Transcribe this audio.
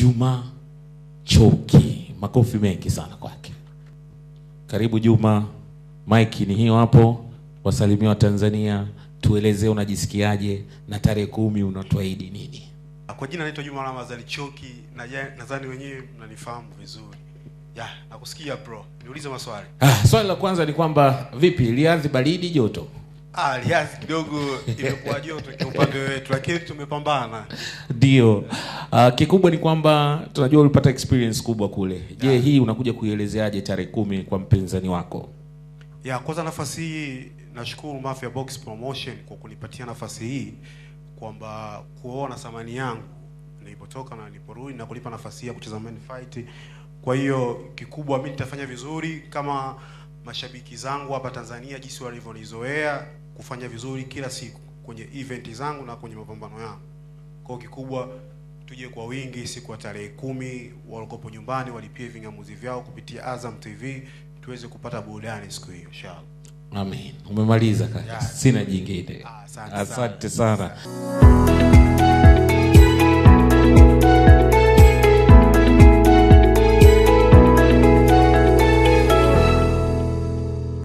Juma Choki. Makofi mengi sana kwake. Karibu Juma, mike ni hiyo hapo. Wasalimia wa Tanzania, tueleze unajisikiaje na tarehe kumi unatuahidi nini? Ah, kwa jina naitwa Juma Ramadhani Choki, nadhani wenyewe mnanifahamu vizuri. Ya, nakusikia bro. Niulize maswali. Ah, swali la kwanza ni kwamba vipi, lianzi baridi joto? Ah, Aliasi kidogo imekuwa joto kwa upande wetu, lakini tumepambana. Ndio uh, kikubwa ni kwamba tunajua ulipata experience kubwa kule. Je, hii unakuja kuielezeaje tarehe kumi kwa mpinzani wako? Ya kwanza, nafasi hii nashukuru Mafia Box Promotion kwa kunipatia nafasi hii, kwamba kuona thamani yangu nilipotoka na niliporudi na kunipa nafasi ya kucheza main fight. Kwa hiyo kikubwa mimi nitafanya vizuri kama mashabiki zangu hapa Tanzania jinsi walivyonizoea kufanya vizuri kila siku kwenye event zangu na kwenye mapambano yangu. Kwa kikubwa tuje kwa wingi siku ya tarehe kumi, walikopo nyumbani walipie ving'amuzi vyao kupitia Azam TV tuweze kupata burudani siku hiyo inshallah. Amen. Umemaliza kaka. Sina jingine. Asante sana.